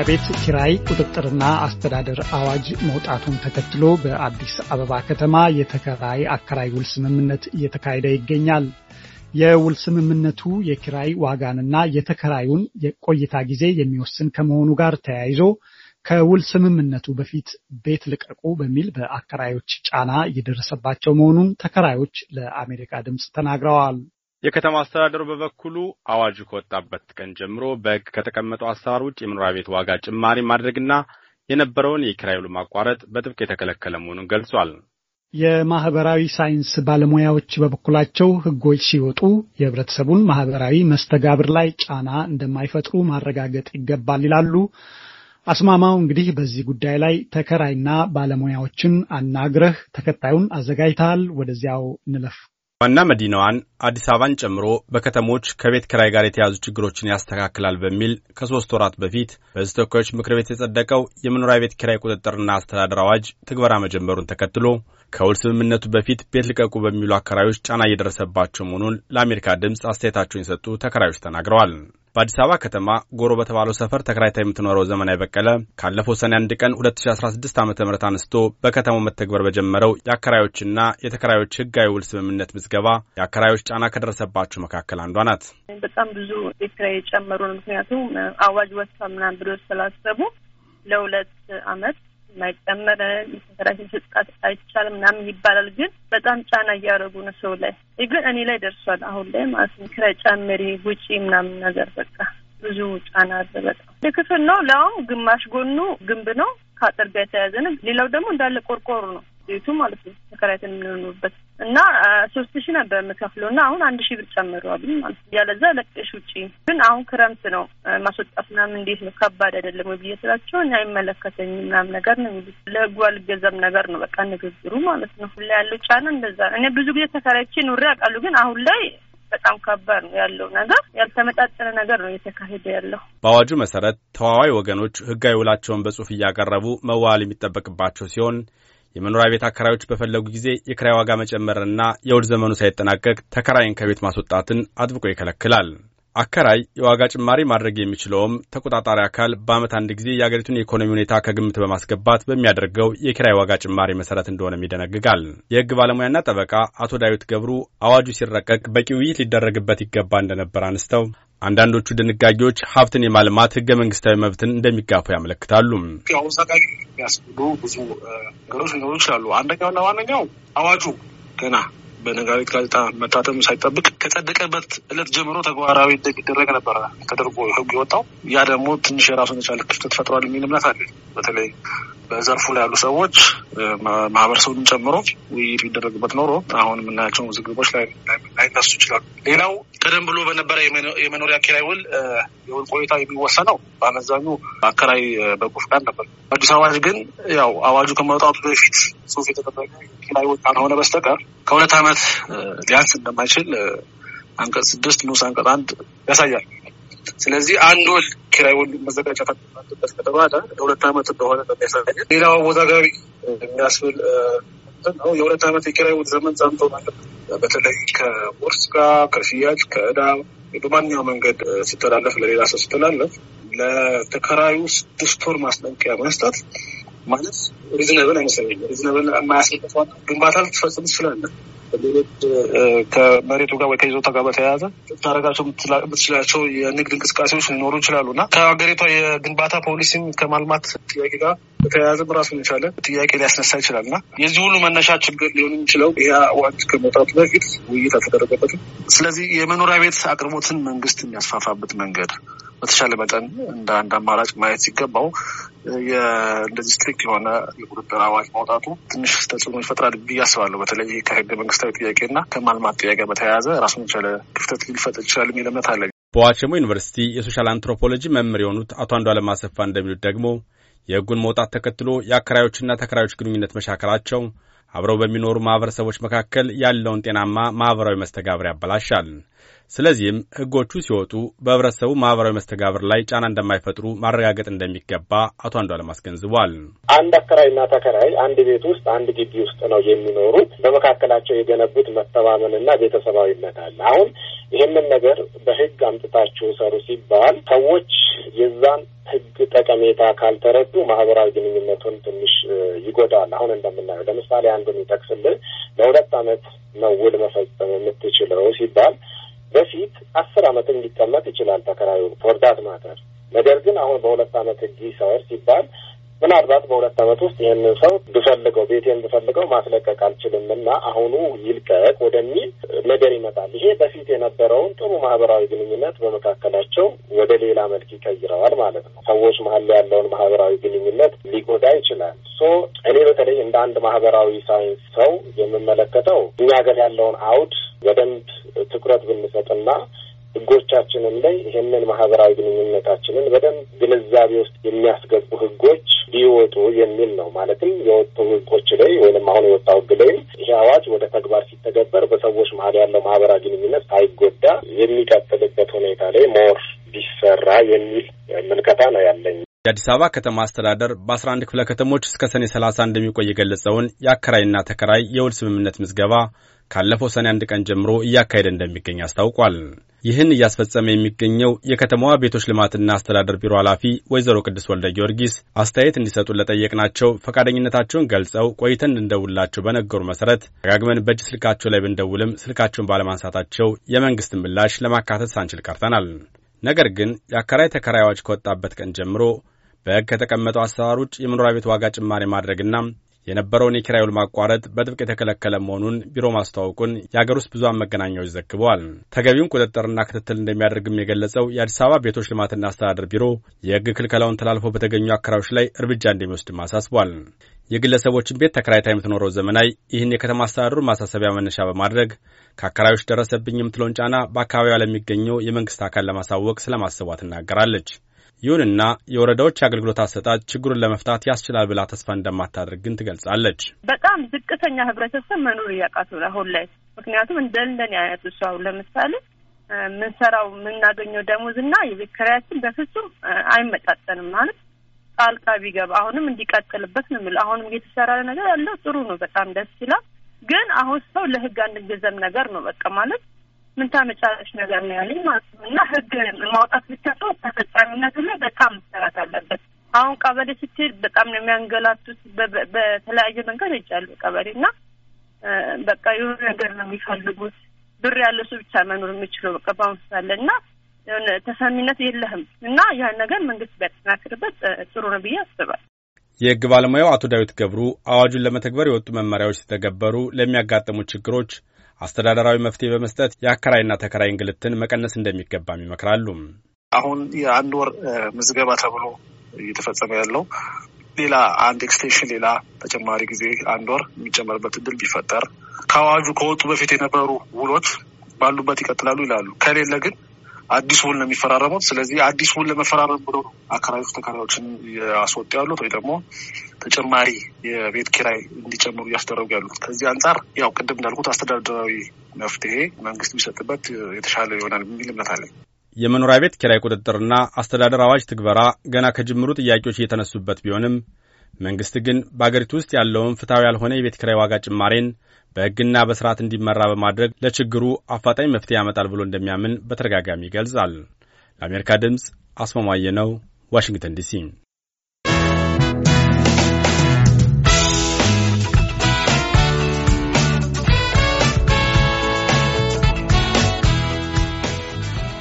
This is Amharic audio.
መኖሪያ ቤት ኪራይ ቁጥጥርና አስተዳደር አዋጅ መውጣቱን ተከትሎ በአዲስ አበባ ከተማ የተከራይ አከራይ ውል ስምምነት እየተካሄደ ይገኛል። የውል ስምምነቱ የኪራይ ዋጋንና የተከራዩን የቆይታ ጊዜ የሚወስን ከመሆኑ ጋር ተያይዞ ከውል ስምምነቱ በፊት ቤት ልቀቁ በሚል በአከራዮች ጫና እየደረሰባቸው መሆኑን ተከራዮች ለአሜሪካ ድምፅ ተናግረዋል። የከተማ አስተዳደሩ በበኩሉ አዋጁ ከወጣበት ቀን ጀምሮ በሕግ ከተቀመጠው አሰራር ውጭ የመኖሪያ ቤት ዋጋ ጭማሪ ማድረግና የነበረውን የኪራይ ውል ማቋረጥ በጥብቅ የተከለከለ መሆኑን ገልጿል። የማህበራዊ ሳይንስ ባለሙያዎች በበኩላቸው ህጎች ሲወጡ የህብረተሰቡን ማህበራዊ መስተጋብር ላይ ጫና እንደማይፈጥሩ ማረጋገጥ ይገባል ይላሉ። አስማማው እንግዲህ በዚህ ጉዳይ ላይ ተከራይና ባለሙያዎችን አናግረህ ተከታዩን አዘጋጅተሃል። ወደዚያው እንለፍ። ዋና መዲናዋን አዲስ አበባን ጨምሮ በከተሞች ከቤት ክራይ ጋር የተያዙ ችግሮችን ያስተካክላል በሚል ከሶስት ወራት በፊት በሕዝብ ተወካዮች ምክር ቤት የጸደቀው የመኖሪያ ቤት ኪራይ ቁጥጥርና አስተዳደር አዋጅ ትግበራ መጀመሩን ተከትሎ ከውል ስምምነቱ በፊት ቤት ልቀቁ በሚሉ አከራዮች ጫና እየደረሰባቸው መሆኑን ለአሜሪካ ድምፅ አስተያየታቸውን የሰጡ ተከራዮች ተናግረዋል። በአዲስ አበባ ከተማ ጎሮ በተባለው ሰፈር ተከራይታ የምትኖረው ዘመናዊ በቀለ ካለፈው ሰኔ አንድ ቀን 2016 ዓ ም አንስቶ በከተማው መተግበር በጀመረው የአከራዮችና የተከራዮች ህጋዊ ውል ስምምነት ምዝገባ የአከራዮች ጫና ከደረሰባቸው መካከል አንዷ ናት። በጣም ብዙ ቤት ኪራይ የጨመሩ ነው። ምክንያቱም አዋጅ ወጥቷል ምናምን ብሎ ስላሰቡ ለሁለት አመት የማይጨመረ የተሰራሽ ስጣት አይቻልም ምናምን ይባላል። ግን በጣም ጫና እያደረጉ ነው ሰው ላይ ግን እኔ ላይ ደርሷል። አሁን ላይ ማለት ክረ ኪራይ ጨምሪ፣ ውጪ ምናምን ነገር በቃ ብዙ ጫና አለ። በጣም ክፍል ነው ለአሁን ግማሽ ጎኑ ግንብ ነው ከአጥር ጋር የተያያዘ ነው። ሌላው ደግሞ እንዳለ ቆርቆሮ ነው ቤቱ ማለት ነው ተከራይተን የምንኖርበት እና ሶስት ሺ ነበር የምከፍለው እና አሁን አንድ ሺ ብር ጨምረዋልኝ ማለት ያለዛ ለቅሽ ውጪ ግን አሁን ክረምት ነው ማስወጣት ምናምን እንዴት ነው ከባድ አይደለም ወይ ብዬ ስላቸው እኛ አይመለከተኝ ምናምን ነገር ነው የሚሉት። ለህጉ አልገዛም ነገር ነው በቃ ንግግሩ ማለት ነው። ሁላ ያለው ጫና እንደዛ። እኔ ብዙ ጊዜ ተከራይቼ ኑሬ ያውቃሉ። ግን አሁን ላይ በጣም ከባድ ነው ያለው ነገር። ያልተመጣጠነ ነገር ነው እየተካሄደ ያለው። በአዋጁ መሰረት ተዋዋይ ወገኖች ህጋዊ ውላቸውን በጽሁፍ እያቀረቡ መዋል የሚጠበቅባቸው ሲሆን የመኖሪያ ቤት አከራዮች በፈለጉ ጊዜ የክራይ ዋጋ መጨመርና የውድ ዘመኑ ሳይጠናቀቅ ተከራይን ከቤት ማስወጣትን አጥብቆ ይከለክላል። አከራይ የዋጋ ጭማሪ ማድረግ የሚችለውም ተቆጣጣሪ አካል በዓመት አንድ ጊዜ የአገሪቱን የኢኮኖሚ ሁኔታ ከግምት በማስገባት በሚያደርገው የኪራይ ዋጋ ጭማሪ መሰረት እንደሆነም ይደነግጋል። የሕግ ባለሙያና ጠበቃ አቶ ዳዊት ገብሩ አዋጁ ሲረቀቅ በቂ ውይይት ሊደረግበት ይገባ እንደነበር አንስተው አንዳንዶቹ ድንጋጌዎች ሀብትን የማልማት ህገ መንግስታዊ መብትን እንደሚጋፉ ያመለክታሉ። አሁን ሰቃቂ የሚያስብሉ ብዙ ነገሮች ሊኖሩ ይችላሉ። አንደኛውና ዋነኛው አዋጁ ገና በነጋሪት ጋዜጣ መታተም ሳይጠብቅ ከጸደቀበት እለት ጀምሮ ተግባራዊ ይደረግ ነበረ ተደርጎ ህግ የወጣው ያ ደግሞ ትንሽ የራሱን የቻለ ክፍተት ፈጥሯል የሚል እምነት አለ። በተለይ በዘርፉ ላይ ያሉ ሰዎች ማህበረሰቡን ጨምሮ ውይይት ቢደረግበት ኖሮ አሁን የምናያቸው ውዝግቦች ላይ ላይነሱ ይችላሉ። ሌላው ቀደም ብሎ በነበረ የመኖሪያ ኪራይ ውል የውል ቆይታ የሚወሰነው በአመዛኙ አከራይ በጎ ፈቃድ ነበር። አዲስ አዋጅ ግን ያው አዋጁ ከመውጣቱ በፊት ጽሁፍ የተጠበቀ ኪራይ ውል ካልሆነ በስተቀር ከሁለት ዓመት ሊያንስ እንደማይችል አንቀጽ ስድስት ንዑስ አንቀጽ አንድ ያሳያል። ስለዚህ አንድ ወል ኪራይ ወል መዘጋጃ ታበት ከተባለ ለሁለት ዓመት እንደሆነ ያሳያል። ሌላው አወዛጋቢ የሚያስብል ነው የሁለት ዓመት የኪራይ ውል ዘመን ጸንቶ ማለት ነው በተለይ ከውርስ ጋር ከሽያጭ ከእዳ በማንኛው መንገድ ስተላለፍ ለሌላ ሰው ስተላለፍ ለተከራዩ ስድስት ወር ማስጠንቀቂያ መስጠት ማለት ሪዝነብል አይመስለኝም። ሪዝነብል የማያስለቅፈ ግንባታ ልትፈጽም ትችላለን። ከመሬቱ ጋር ወይ ከይዞታ ጋር በተያያዘ ታደረጋቸው የምትችላቸው የንግድ እንቅስቃሴዎች ሊኖሩ ይችላሉ እና ከሀገሪቷ የግንባታ ፖሊሲም ከማልማት ጥያቄ ጋር በተያያዘም ራሱን የቻለ ጥያቄ ሊያስነሳ ይችላል እና የዚህ ሁሉ መነሻ ችግር ሊሆን የሚችለው ይህ አዋጅ ከመውጣቱ በፊት ውይይት አልተደረገበትም። ስለዚህ የመኖሪያ ቤት አቅርቦትን መንግስት የሚያስፋፋበት መንገድ በተሻለ መጠን እንደ አንድ አማራጭ ማየት ሲገባው እንደዚህ ስትሪክት የሆነ የቁጥጥር አዋጅ ማውጣቱ ትንሽ ተጽዕኖ ይፈጥራል ብዬ አስባለሁ። በተለይ ከህገ መንግስታዊ ጥያቄና ከማልማት ጥያቄ በተያያዘ ራሱን የቻለ ክፍተት ሊፈጥር ይችላል የሚል እምነት አለ። በዋቸሞ ዩኒቨርሲቲ የሶሻል አንትሮፖሎጂ መምህር የሆኑት አቶ አንዷለም አሰፋ እንደሚሉት ደግሞ የህጉን መውጣት ተከትሎ የአከራዮችና ተከራዮች ግንኙነት መሻከላቸው አብረው በሚኖሩ ማህበረሰቦች መካከል ያለውን ጤናማ ማህበራዊ መስተጋብር ያበላሻል። ስለዚህም ህጎቹ ሲወጡ በህብረተሰቡ ማህበራዊ መስተጋብር ላይ ጫና እንደማይፈጥሩ ማረጋገጥ እንደሚገባ አቶ አንዷለም አስገንዝቧል። አንድ አከራይና ተከራይ አንድ ቤት ውስጥ አንድ ግቢ ውስጥ ነው የሚኖሩት። በመካከላቸው የገነቡት መተማመንና ቤተሰባዊነት አለ። አሁን ይህንን ነገር በህግ አምጥታችሁ ሰሩ ሲባል ሰዎች የዛን ህግ ጠቀሜታ ካልተረዱ ማህበራዊ ግንኙነቱን ትንሽ ይጎዳል። አሁን እንደምናየው ለምሳሌ አንዱን ይጠቅስልን ለሁለት ዓመት ነው ውል መፈጸም የምትችለው ሲባል በፊት አስር አመት እንዲቀመጥ ይችላል ተከራዩን ፎርዳት ማተር። ነገር ግን አሁን በሁለት አመት ህግ ሰወር ሲባል ምናልባት በሁለት አመት ውስጥ ይህንን ሰው ብፈልገው ቤቴን ብፈልገው ማስለቀቅ አልችልም እና አሁኑ ይልቀቅ ወደሚል ነገር ይመጣል። ይሄ በፊት የነበረውን ጥሩ ማህበራዊ ግንኙነት በመካከላቸው ወደ ሌላ መልክ ይቀይረዋል ማለት ነው። ሰዎች መሀል ያለውን ማህበራዊ ግንኙነት ሊጎዳ ይችላል። ሶ እኔ በተለይ እንደ አንድ ማህበራዊ ሳይንስ ሰው የምመለከተው እኛ ሀገር ያለውን አውድ በደንብ ትኩረት ብንሰጥና ህጎቻችንም ላይ ይህንን ማህበራዊ ግንኙነታችንን በደንብ ግንዛቤ ውስጥ የሚያስገቡ ህጎች ሊወጡ የሚል ነው። ማለትም የወጡ ህጎች ላይ ወይም አሁን የወጣው ህግ ላይም ይሄ አዋጅ ወደ ተግባር ሲተገበር በሰዎች መሀል ያለው ማህበራዊ ግንኙነት ሳይጎዳ የሚቀጥልበት ሁኔታ ላይ ሞር ቢሰራ የሚል ምልከታ ነው ያለኝ። የአዲስ አበባ ከተማ አስተዳደር በአስራ አንድ ክፍለ ከተሞች እስከ ሰኔ ሰላሳ እንደሚቆይ የገለጸውን የአከራይና ተከራይ የውል ስምምነት ምዝገባ ካለፈው ሰኔ አንድ ቀን ጀምሮ እያካሄደ እንደሚገኝ አስታውቋል። ይህን እያስፈጸመ የሚገኘው የከተማዋ ቤቶች ልማትና አስተዳደር ቢሮ ኃላፊ ወይዘሮ ቅዱስ ወልደ ጊዮርጊስ አስተያየት እንዲሰጡ ለጠየቅናቸው ፈቃደኝነታቸውን ገልጸው ቆይተን እንደውላቸው በነገሩ መሰረት ደጋግመን በእጅ ስልካቸው ላይ ብንደውልም ስልካቸውን ባለማንሳታቸው የመንግስት ምላሽ ለማካተት ሳንችል ቀርተናል። ነገር ግን የአከራይ ተከራዮች ከወጣበት ቀን ጀምሮ በሕግ ከተቀመጠው አሰራር ውጭ የመኖሪያ ቤት ዋጋ ጭማሪ ማድረግና የነበረውን የኪራይ ውል ማቋረጥ በጥብቅ የተከለከለ መሆኑን ቢሮ ማስታወቁን የአገር ውስጥ ብዙኃን መገናኛዎች ዘግበዋል። ተገቢውን ቁጥጥርና ክትትል እንደሚያደርግም የገለጸው የአዲስ አበባ ቤቶች ልማትና አስተዳደር ቢሮ የህግ ክልከላውን ተላልፎ በተገኙ አከራዮች ላይ እርምጃ እንደሚወስድም አሳስቧል። የግለሰቦችን ቤት ተከራይታ የምትኖረው ዘመናዊ ይህን የከተማ አስተዳደሩን ማሳሰቢያ መነሻ በማድረግ ከአከራዮች ደረሰብኝ የምትለውን ጫና በአካባቢዋ ለሚገኘው የመንግስት አካል ለማሳወቅ ስለማሰቧ ትናገራለች። ይሁንና የወረዳዎች የአገልግሎት አሰጣጥ ችግሩን ለመፍታት ያስችላል ብላ ተስፋ እንደማታደርግ ግን ትገልጻለች። በጣም ዝቅተኛ ህብረተሰብ መኖር እያቃተው አሁን ላይ ምክንያቱም እንደ እንደንደን አይነት እሱ አሁን ለምሳሌ ምንሰራው የምናገኘው ደሞዝ እና የቤት ኪራያችን በፍጹም አይመጣጠንም ማለት ጣልቃ ቢገባ አሁንም እንዲቀጥልበት ነው የምልህ። አሁንም እየተሰራ ነገር ያለው ጥሩ ነው፣ በጣም ደስ ይላል። ግን አሁን ሰው ለህግ አንገዛም ነገር ነው በቃ ማለት ምን ታመጫለሽ ነገር ነው ያለኝ ማለት ነው። እና ህግ ማውጣት ብቻ ሰው ተፈጻሚነቱ ላይ በጣም መሰራት አለበት። አሁን ቀበሌ ስትሄድ በጣም ነው የሚያንገላቱት። በተለያየ መንገድ ይጫሉ ቀበሌ እና በቃ የሆነ ነገር ነው የሚፈልጉት። ብር ያለው ሰው ብቻ መኖር የሚችለው በቃ በአሁኑ ሳለ እና የሆነ ተሰሚነት የለህም እና ያን ነገር መንግስት ቢያጠናክርበት ጥሩ ነው ብዬ አስባል። የህግ ባለሙያው አቶ ዳዊት ገብሩ አዋጁን ለመተግበር የወጡ መመሪያዎች ሲተገበሩ ለሚያጋጥሙ ችግሮች አስተዳደራዊ መፍትሄ በመስጠት የአከራይና ተከራይ እንግልትን መቀነስ እንደሚገባም ይመክራሉ። አሁን የአንድ ወር ምዝገባ ተብሎ እየተፈጸመ ያለው ሌላ አንድ ኤክስቴንሽን ሌላ ተጨማሪ ጊዜ አንድ ወር የሚጨመርበት እድል ቢፈጠር ከአዋጁ ከወጡ በፊት የነበሩ ውሎች ባሉበት ይቀጥላሉ ይላሉ። ከሌለ ግን አዲስ ውል ነው የሚፈራረሙት። ስለዚህ አዲስ ውል ለመፈራረም ብሎ አከራዮች ተከራዮችን እያስወጡ ያሉት ወይ ደግሞ ተጨማሪ የቤት ኪራይ እንዲጨምሩ እያስደረጉ ያሉት። ከዚህ አንጻር ያው ቅድም እንዳልኩት አስተዳደራዊ መፍትሄ መንግስት ቢሰጥበት የተሻለ ይሆናል የሚል እምነት አለኝ። የመኖሪያ ቤት ኪራይ ቁጥጥርና አስተዳደር አዋጅ ትግበራ ገና ከጅምሩ ጥያቄዎች እየተነሱበት ቢሆንም መንግስት ግን በአገሪቱ ውስጥ ያለውን ፍትሐዊ ያልሆነ የቤት ኪራይ ዋጋ ጭማሬን በሕግና በስርዓት እንዲመራ በማድረግ ለችግሩ አፋጣኝ መፍትሄ ያመጣል ብሎ እንደሚያምን በተደጋጋሚ ይገልጻል። ለአሜሪካ ድምፅ አስማማየ ነው፣ ዋሽንግተን ዲሲ